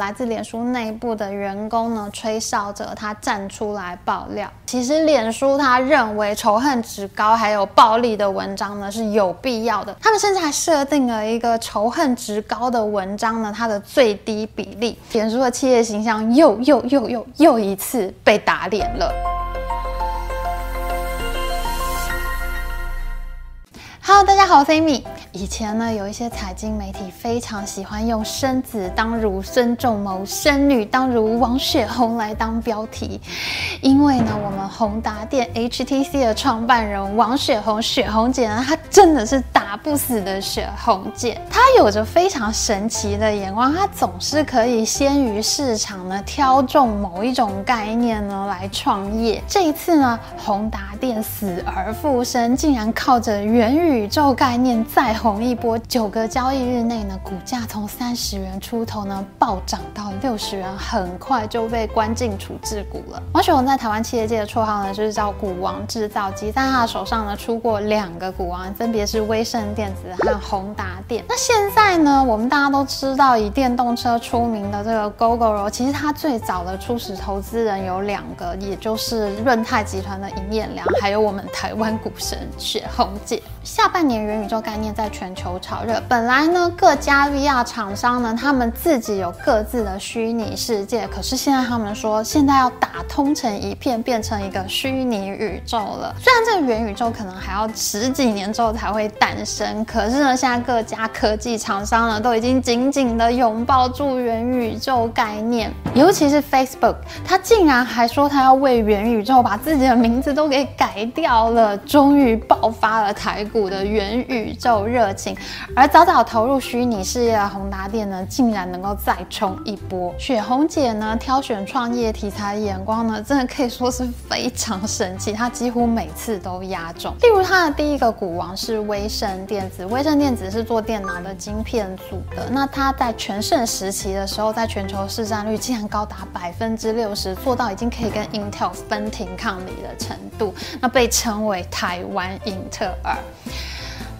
來自臉書內部的員工呢，吹哨者他站出來爆料，其實臉書他認為仇恨值高還有暴力的文章呢是有必要的，他們甚至還設定了一個仇恨值高的文章呢，它的最低比例，臉書的企業形象又又又又又一次被打臉了。哈嘍，大家好，我是 Amy。以前呢，有一些財經媒體非常喜歡用“生子當如孫仲謀，生女當如王雪紅”來當標題，因為呢，我們宏達電 HTC 的創辦人王雪紅雪紅姐呢，她真的是打不死的雪紅姐，她有着非常神奇的眼光，她總是可以先於市場呢挑中某一種概念呢來創業。這一次呢，宏達電死而復生，竟然靠着元宇宇宙概念再紅一波，九個交易日內呢，股價從三十元出頭呢暴漲到六十元，很快就被關進處置股了。王雪紅在台灣企業界的綽號呢，就是叫“股王製造機”，在他的手上呢出過兩個股王，分別是威盛電子和宏達電。那現在呢，我們大家都知道，以電動車出名的這個 Gogoro，其實它最早的初始投資人有兩個，也就是潤泰集團的尹衍樑，還有我們台灣股神雪紅姐。下半年元宇宙概念在全球炒熱。本來呢，各家 VR 廠商呢，他們自己有各自的虛擬世界，可是現在他們說，現在要打通成一片，變成一個虛擬宇宙了。雖然這個元宇宙可能還要十幾年之後才會誕生，可是呢，現在各家科技廠商呢，都已經緊緊的擁抱住元宇宙概念。尤其是 Facebook，它竟然還說它要為元宇宙把自己的名字都給改掉了。終於爆發了台股的元宇宙熱情，而早早投入虛擬事業的宏達電呢，竟然能夠再衝一波。雪紅姐呢，挑選創業題材的眼光呢，真的可以說是非常神奇，她幾乎每次都押中。例如她的第一個股王是威盛電子，威盛電子是做電腦的晶片組的。那她在全盛時期的時候，在全球市占率竟然高達百分之六十，做到已經可以跟 Intel 分庭抗禮的程度，那被稱為台灣英特爾。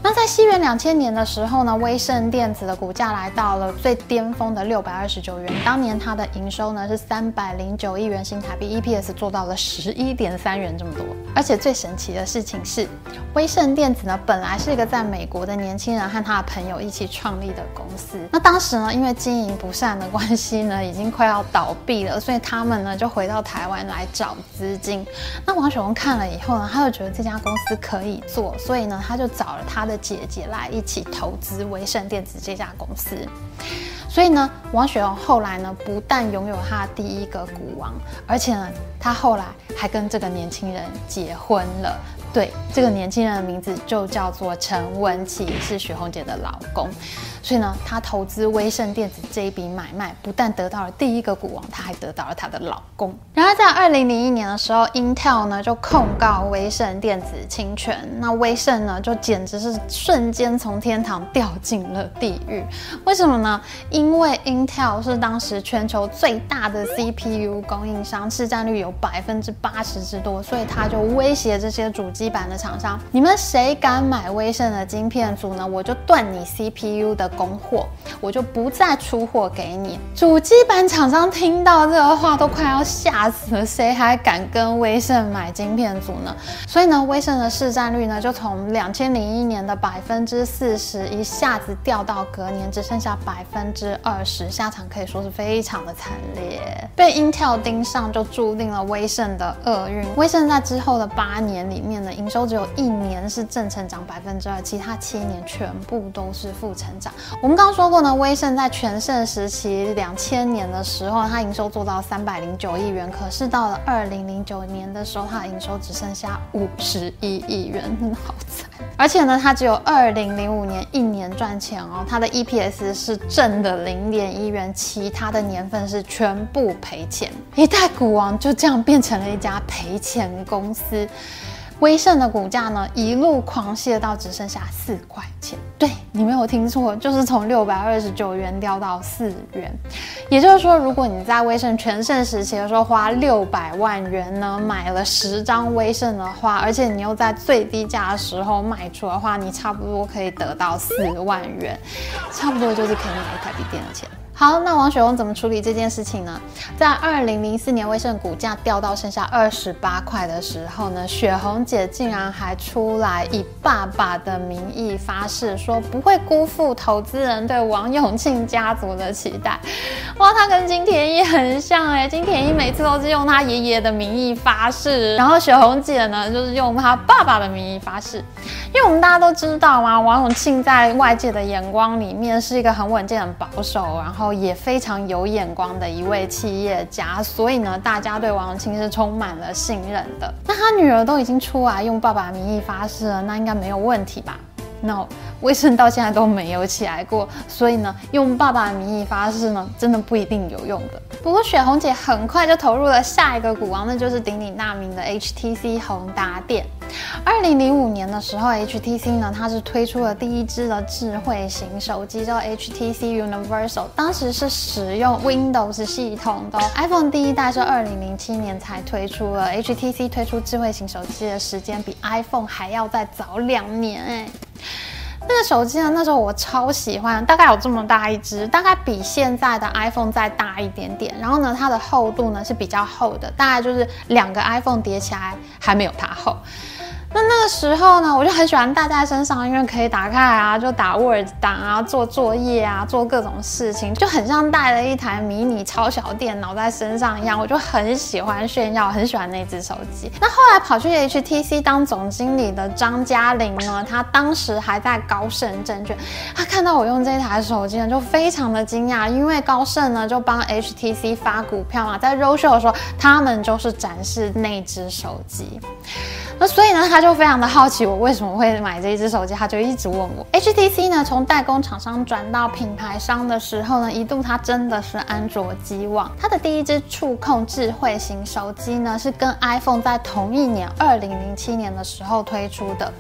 那在西元兩千年的時候呢，威盛電子的股價來到了最巔峰的六百二十九元。當年它的營收呢是三百零九億元新台幣，EPS 做到了十一點三元這麼多。而且最神奇的事情是，威盛電子呢本來是一個在美國的年輕人和他的朋友一起創立的公司。那當時呢因為經營不善的關係呢，已經快要倒閉了，所以他們呢就回到台灣來找資金。那王雪紅看了以後呢，他就覺得這家公司可以做，所以呢他就找了他的姐姐來一起投資威盛電子這家公司，所以呢，王雪紅後來呢，不但擁有她第一個股王，而且呢，她後來還跟這個年輕人結婚了。對，這個年輕人的名字就叫做陳文琦，是雪紅姐的老公。所以呢，她投資威盛電子這一筆買賣，不但得到了第一個股王，她還得到了她的老公。然而在二零零一年的時候，Intel 呢就控告威盛電子侵權，那威盛呢就簡直是瞬間從天堂掉進了地獄。為什麼呢？因為 Intel 是當時全球最大的 CPU 供應商，市佔率有百分之八十之多，所以他就威脅這些主機板的廠商：你們誰敢買威盛的晶片組呢，我就斷你 CPU 的。供貨，我就不再出貨給你。主機板廠商聽到這個話都快要嚇死了，誰還敢跟威盛買晶片組呢？所以呢，威盛的市占率呢，就從兩千零一年的百分之四十一下子掉到隔年只剩下百分之二十，下場可以說是非常的慘烈。被 Intel 盯上，就注定了威盛的厄運。威盛在之後的八年裡面呢，營收只有一年是正成長百分之二，其他七年全部都是負成長。我們剛剛說過呢，威盛在全盛時期兩千年的時候，它營收做到三百零九億元。可是到了二零零九年的時候，它的營收只剩下五十一億元，好慘！而且呢，它只有二零零五年一年賺錢哦，它的 EPS 是正的零點一元，其他的年份是全部賠錢。一代股王就這樣變成了一家賠錢公司。威盛的股價呢，一路狂瀉到只剩下四塊錢。對你沒有聽錯，就是從六百二十九元掉到四元。也就是說，如果你在威盛全盛時期的時候花六百萬元呢，買了十張威盛的話，而且你又在最低價的時候賣出的話，你差不多可以得到四萬元，差不多就是可以買一台筆電的錢。好，那王雪紅怎麼處理這件事情呢？在二零零四年威盛股價掉到剩下二十八塊的時候呢，雪紅。姐竟然還出來以爸爸的名義發誓，說不會辜負投資人對王永慶家族的期待。哇，他跟金田一很像哎、欸，金田一每次都是用他爺爺的名義發誓，然後雪紅姐呢，就是用他爸爸的名義發誓。因為我們大家都知道嘛，王永慶在外界的眼光裡面是一個很穩健、很保守，然後也非常有眼光的一位企業家，所以呢，大家對王永慶是充滿了信任的。那他女兒都已經出來用爸爸的名義發誓了，那應該沒有問題吧？那、no, 威盛到現在都沒有起來過，所以呢，用爸爸的名義發誓呢，真的不一定有用的。不過雪紅姐很快就投入了下一個股王，那就是鼎鼎大名的 HTC 宏達電。二零零五年的時候，HTC 呢，它是推出了第一支的智慧型手機，叫 HTC Universal，當時是使用 Windows 系統的、哦。iPhone 第一代是二零零七年才推出了 HTC 推出智慧型手機的時間比 iPhone 還要再早兩年誒，那個手機呢，那時候我超喜歡，大概有這麼大一只，大概比現在的 iPhone 再大一點點。然後呢，它的厚度呢是比較厚的，大概就是兩個 iPhone 疊起來還沒有它厚。那那個時候呢，我就很喜歡戴在身上，因為可以打開啊，就打 Word 檔啊，做作業啊，做各種事情，就很像帶了一台迷你超小電腦在身上一樣，我就很喜歡炫耀，很喜歡那支手機。那後來跑去 HTC 當總經理的張嘉玲呢，他當時還在高盛證券，她看到我用這台手機呢，就非常的驚訝，因為高盛呢就幫 HTC 發股票嘛，在 Roadshow 的時候，他們就是展示那支手機。那所以呢，他就非常的好奇我為什麼會買這一只手機，他就一直問我。HTC 呢，從代工廠商轉到品牌商的時候呢，一度它真的是安卓機王。它的第一支觸控智慧型手機呢，是跟 iPhone 在同一年，二零零七年的時候推出的。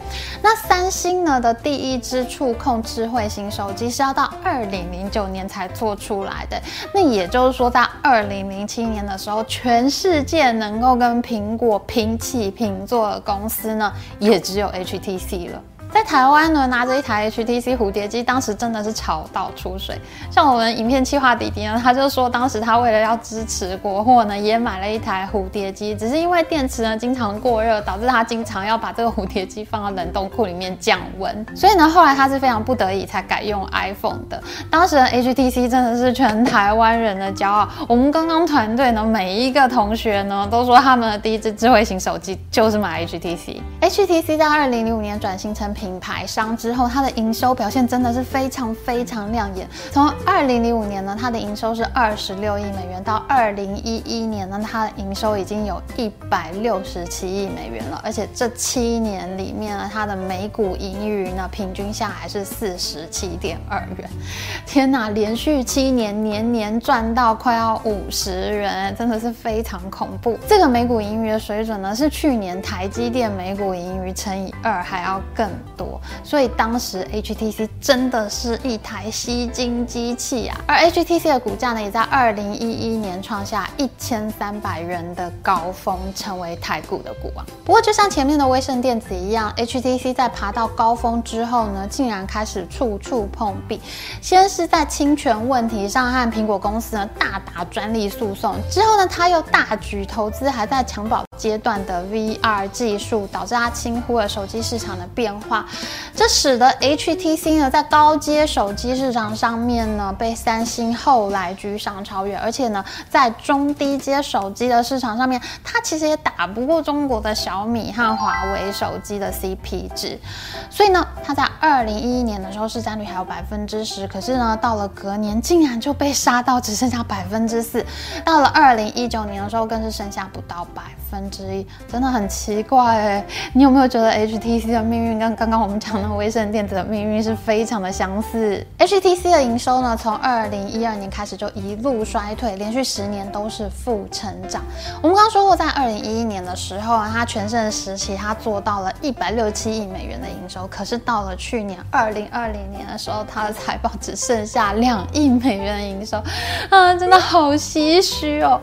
那三星呢的第一支觸控智慧型手機是要到二零零九年才做出來的。那也就是說，在二零零七年的時候，全世界能夠跟蘋果平起平坐。公司呢，也只有 HTC 了。在台灣呢，拿着一台 HTC 蝴蝶機，當時真的是潮到出水。像我們影片企劃弟弟呢，他就說，當時他為了要支持國貨呢，也買了一台蝴蝶機，只是因為電池呢，經常過熱，導致他經常要把這個蝴蝶機放到冷凍庫裡面降溫。所以呢，後來他是非常不得已才改用 iPhone 的。當時的 HTC 真的是全台灣人的驕傲。我們剛剛團隊呢，每一個同學呢，都說他們的第一支智慧型手機就是買 HTC。HTC 在二零零五年轉型成品牌商之後，他的營收表現真的是非常非常亮眼。從二零零五年呢，他的營收是二十六億美元，到二零一一年呢，他的營收已經有一百六十七億美元了。而且這七年裡面呢，他的每股盈餘呢，平均下來是四十七點二元。天吶，連續七年年年賺到快要五十元，真的是非常恐怖。這個每股盈餘的水準呢，是去年台積電每股盈餘乘以二還要更多，所以當時 HTC 真的是一台吸金機器啊！而 HTC 的股價呢，也在2011年創下1300元的高峰，成為台股的股王。不過，就像前面的威盛電子一樣，HTC 在爬到高峰之後呢，竟然開始處處碰壁。先是在侵權問題上和蘋果公司呢大打專利訴訟，之後呢，他又大舉投資，還在搶保階段的 VR 技術，導致它輕忽了手機市場的變化，這使得 HTC 呢，在高階手機市場上面呢被三星後來居上超越，而且呢在中低階手機的市場上面，它其實也打不過中國的小米和華為手機的 CP 值，所以呢它在二零一一年的時候市占率還有百分之十，可是呢到了隔年竟然就被殺到只剩下百分之四，到了二零一九年的時候更是剩下不到百分。之一真的很奇怪哎，你有沒有覺得 HTC 的命運跟剛剛我們講的威盛電子的命運是非常的相似？HTC 的營收呢，從二零一二年開始就一路衰退，連續十年都是負成長。我們剛剛說過，在二零一一年的時候啊，它全盛時期它做到了一百六十七億美元的營收，可是到了去年二零二零年的時候，它的財報只剩下兩億美元的營收，啊，真的好唏噓哦。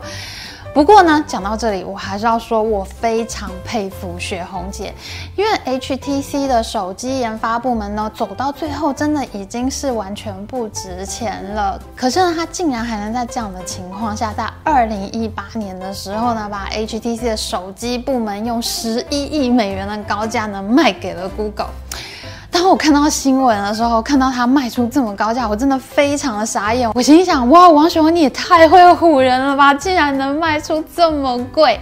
不過呢，講到這裡，我還是要說，我非常佩服雪紅姐，因為 HTC 的手機研發部門呢，走到最後真的已經是完全不值錢了。可是呢，它竟然還能在這樣的情況下，在2018年的時候呢，把 HTC 的手機部門用11億美元的高價呢，賣給了 Google。當我看到新聞的時候，看到它賣出這麼高價，我真的非常的傻眼。我心想：哇，王雪紅你也太會唬人了吧，竟然能賣出這麼貴！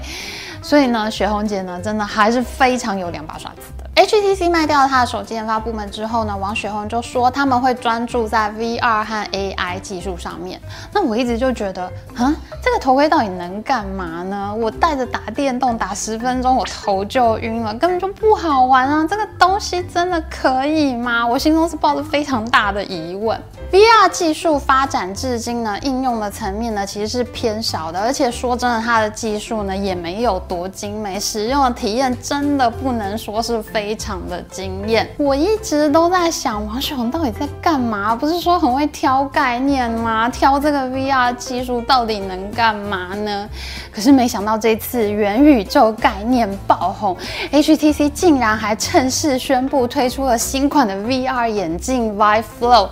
所以呢，雪紅姐呢，真的還是非常有兩把刷子的。HTC 賣掉它的手機研發部門之後呢，王雪紅就說他們會專注在 VR 和 AI 技術上面。那我一直就覺得，哼這個頭盔到底能幹嘛呢？我戴着打電動打十分鐘，我頭就暈了，根本就不好玩啊！這個東西真的可以嗎？我心中是抱着非常大的疑問。VR 技術發展至今呢，應用的層面呢其實是偏少的，而且說真的，它的技術呢也沒有多精美，使用的體驗真的不能說是非常的驚艷。我一直都在想，王雪紅到底在幹嘛？不是說很會挑概念嗎？挑這個 VR 技術到底能幹嘛呢？可是沒想到這次元宇宙概念爆紅，HTC 竟然還趁勢宣布推出了新款的 VR 眼鏡 Vive Flow。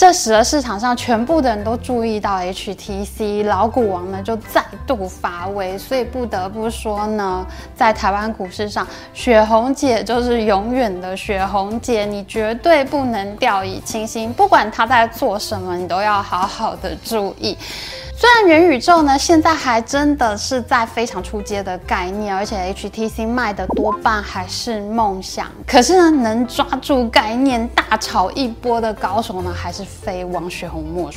這使得市場上全部的人都注意到，HTC 老股王呢就再度發威，所以不得不說呢，在台灣股市上，雪紅姐就是永遠的雪紅姐，你絕對不能掉以輕心，不管她在做什麼，你都要好好的注意。雖然元宇宙呢現在還真的是在非常初階的概念，而且 HTC 賣的多半還是夢想。可是呢，能抓住概念大炒一波的高手呢，還是非王雪紅莫屬。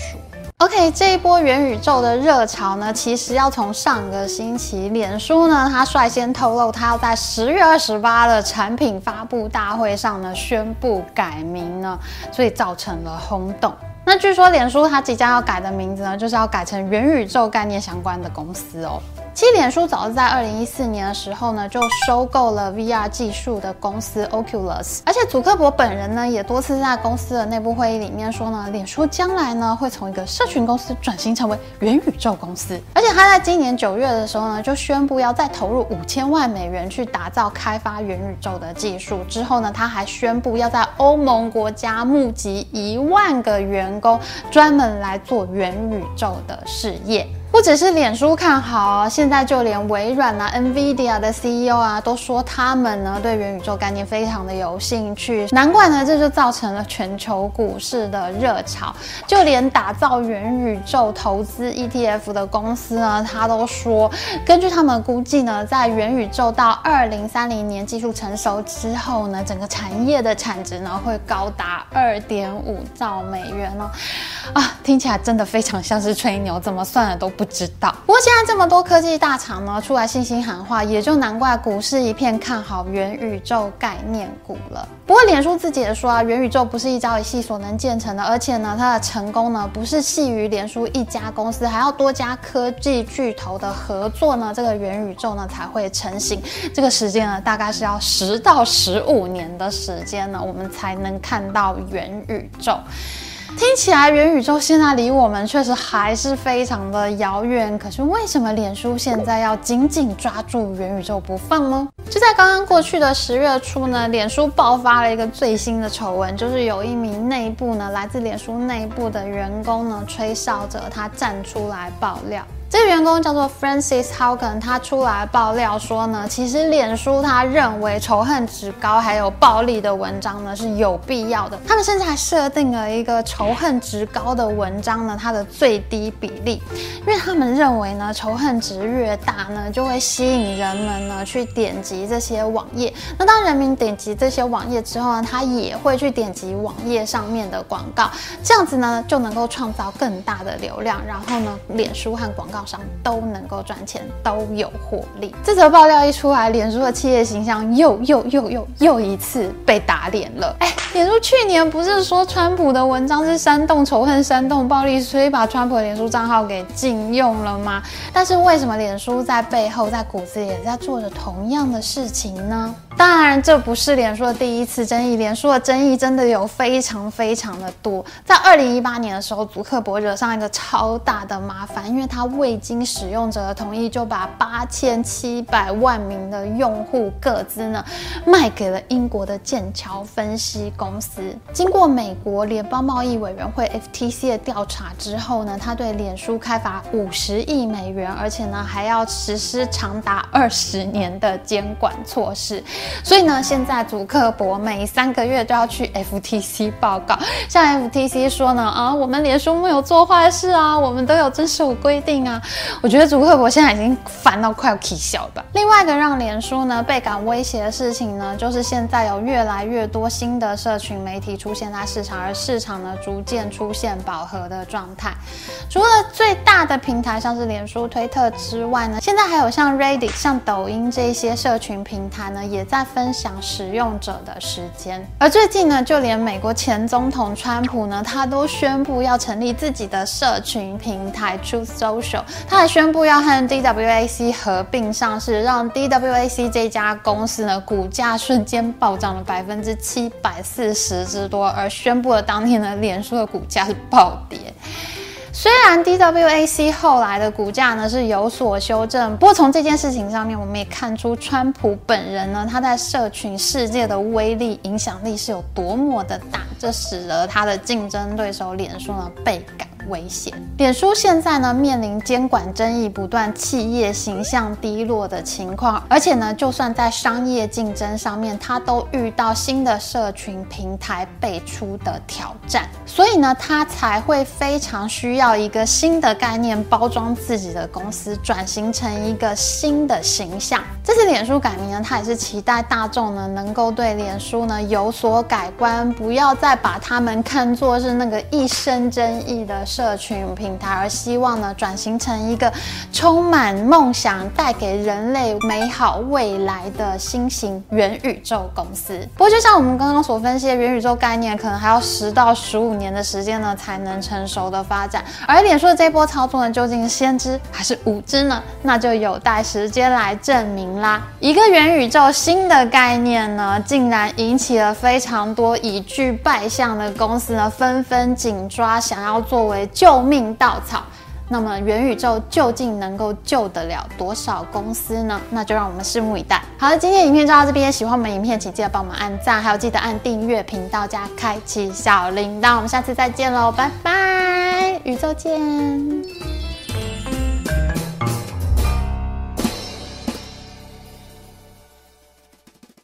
OK，這一波元宇宙的熱潮呢，其實要從上個星期，臉書呢他率先透露他要在十月二十八的產品發布大會上呢宣布改名呢，所以造成了轟動。那據說臉書它即將要改的名字呢，就是要改成元宇宙概念相關的公司哦。其實臉書早在在二零一四年的時候呢，就收購了 VR 技術的公司 Oculus，而且祖克柏本人呢，也多次在公司的內部會議裡面說呢，臉書將來呢，會從一個社群公司轉型成為元宇宙公司。而且他在今年九月的時候呢，就宣布要再投入五千萬美元去打造開發元宇宙的技術。之後呢，他還宣布要在歐盟國家募集一萬個員工，專門來做元宇宙的事業。不只是臉書看好啊，現在就連微軟啊、NVIDIA 的 CEO 啊都說他們呢對元宇宙概念非常的有興趣。難怪呢，這就造成了全球股市的熱潮。就連打造元宇宙投資 ETF 的公司呢，他都說，根據他們估計呢，在元宇宙到二零三零年技術成熟之後呢，整個產業的產值呢會高達二點五兆美元哦。啊，聽起來真的非常像是吹牛，怎麼算的都不。不知道。不過現在這麼多科技大廠呢出來信心喊話，也就難怪股市一片看好元宇宙概念股了。不過臉書自己也說啊，元宇宙不是一朝一夕所能建成的，而且呢，它的成功呢不是繫於臉書一家公司，還要多家科技巨頭的合作呢，這個元宇宙呢才會成型。這個時間呢，大概是要十到十五年的時間呢，我們才能看到元宇宙。聽起來元宇宙現在離我們確實還是非常的遙遠，可是為什麼臉書現在要緊緊抓住元宇宙不放呢？就在剛剛過去的十月初呢，臉書爆發了一個最新的醜聞，就是有一名內部呢來自臉書內部的員工呢吹哨者，他站出來爆料。這個員工叫做 Frances Haugen 他，出來爆料說呢，其實臉書他認為仇恨值高還有暴力的文章呢是有必要的。他們甚至還設定了一個仇恨值高的文章呢，它的最低比例，因為他們認為呢，仇恨值越大呢，就會吸引人們呢去點擊這些網頁。那當人民點擊這些網頁之後呢，他也會去點擊網頁上面的廣告，這樣子呢就能夠創造更大的流量。然後呢，臉書和廣告。上都能夠賺錢，都有獲利。這則爆料一出來，臉書的企業形象又又又又又一次被打臉了。哎，臉書去年不是說川普的文章是煽動仇恨、煽動暴力，所以把川普的臉書賬號給禁用了嗎？但是為什麼臉書在背後、在骨子裡也在做着同樣的事情呢？當然，這不是臉書的第一次爭議，臉書的爭議真的有非常非常的多。在二零一八年的時候，祖克柏惹上一個超大的麻煩，因為他為未經使用者的同意，就把八千七百萬名的用戶個資呢賣給了英國的劍橋分析公司。經過美國聯邦貿易委員會 FTC 的調查之後呢，他對臉書開罰五十億美元，而且呢還要實施長達二十年的監管措施。所以呢，現在祖克柏每三個月都要去 FTC 報告。向 FTC 說呢啊，我們臉書沒有做壞事啊，我們都有遵守規定啊。我覺得祖克柏現在已經煩到快要起笑了吧。另外一個讓臉書呢倍感威脅的事情呢，就是現在有越來越多新的社群媒體出現在市場，而市場呢逐漸出現飽和的狀態。除了最大的平台像是臉書、推特之外呢，現在還有像 Reddit、像抖音這些社群平台呢，也在分享使用者的時間。而最近呢，就連美國前總統川普呢，他都宣布要成立自己的社群平台 Truth Social。他還宣布要和 D W A C 合併上市，讓 D W A C 這家公司呢股價瞬間暴漲了百分之七百四十之多，而宣布了當天呢，臉書的股價是暴跌。雖然 D W A C 後來的股價呢是有所修正，不過從這件事情上面，我們也看出川普本人呢，他在社群世界的威力、影響力是有多麼的大，這使得他的競爭對手臉書呢倍感危險。臉書現在呢面臨監管爭議不斷、企業形象低落的情況，而且呢，就算在商業競爭上面，他都遇到新的社群平台輩出的挑戰，所以呢，他才會非常需要一個新的概念包裝自己的公司，轉型成一個新的形象。這次臉書改名呢，他也是期待大眾呢能夠對臉書呢有所改觀，不要再把他們看作是那個一生爭議的。社群平台，而希望呢轉型成一個充滿夢想、帶給人類美好未來的新型元宇宙公司。不過，就像我們剛剛所分析的，元宇宙概念可能還要十到十五年的時間呢，才能成熟的發展。而臉書的這波操作呢，究竟是先知還是無知呢？那就有待時間來證明啦。一個元宇宙新的概念呢，竟然引起了非常多已具敗象的公司呢，紛紛緊抓，想要作為。救命稻草，那麼元宇宙究竟能夠救得了多少公司呢？那就讓我們拭目以待。好了，今天的影片就到這邊，喜歡我們的影片，請記得幫我們按贊，還有記得按訂閱頻道加開啟小鈴鐺。我們下次再見嘍，拜拜，宇宙見。